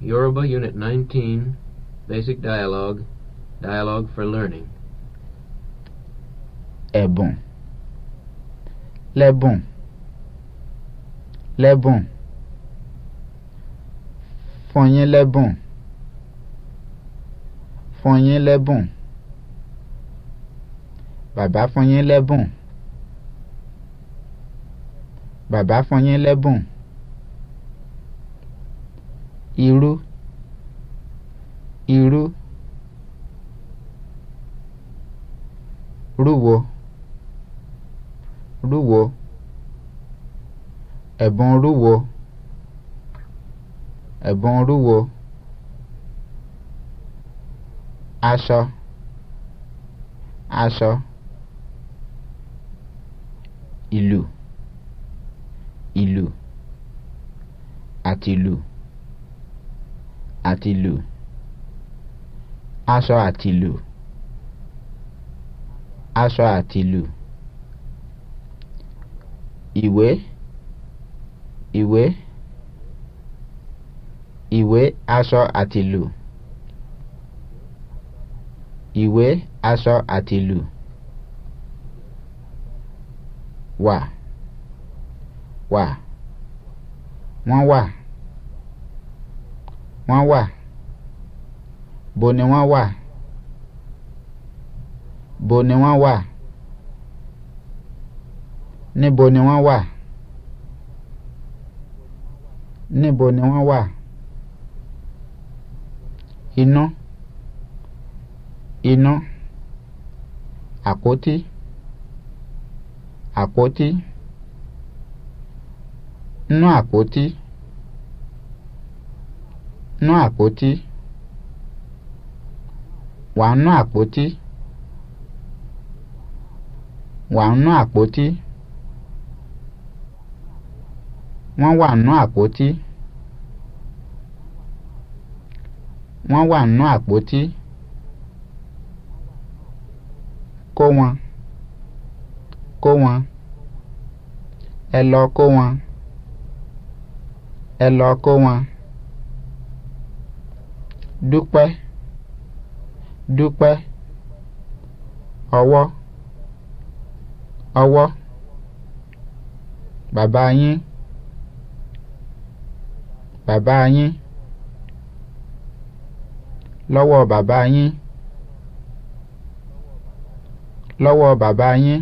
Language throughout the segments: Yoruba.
Yoruba Unit 19, Basic Dialogue, Dialogue for Learning. Ebon. Lebon. Lebon. fọyín lebon. fọyín lebon. Baba fọyín lebon. Baba fọyín lebon. Bàbá fọyín lẹ́bùn irú irú rúwọ rúwọ ẹ̀bọn rúwọ ẹ̀bọn rúwọ aṣọ aṣọ ìlú ìlú àti ìlú àti lù aṣọ àti lù aṣọ àti lù ìwé ìwé ìwé aṣọ àti lù ìwé aṣọ àti lù wà wà wọ́n wà wọ́n wà bo ni wọ́n wà bo ni wọ́n wà níbo ni wọ́n wà níbo ni wọ́n wà inú inú àpótí àpótí inú àpótí. No, àpótí nú àpótí wà nú àpótí wà nú àpótí wọ́n wà nú àpótí wọ́n wà nú àpótí kó wọn kó wọn ẹ lọ kó wọn ẹ lọ kó wọn dúpẹ́ dúpẹ́ ọwọ́ ọwọ́ bàbá yín bàbá yín lọ́wọ́ bàbá yín lọ́wọ́ bàbá yín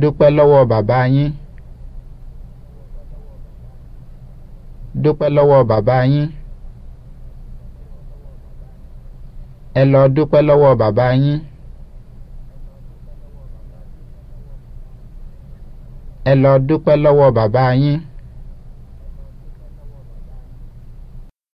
dúpẹ́ lọ́wọ́ bàbá yín. dúpẹ́ lọ́wọ́ bàbá yín ẹ lọ dúpẹ́ lọ́wọ́ bàbá yín ẹ lọ dúpẹ́ lọ́wọ́ bàbá yín.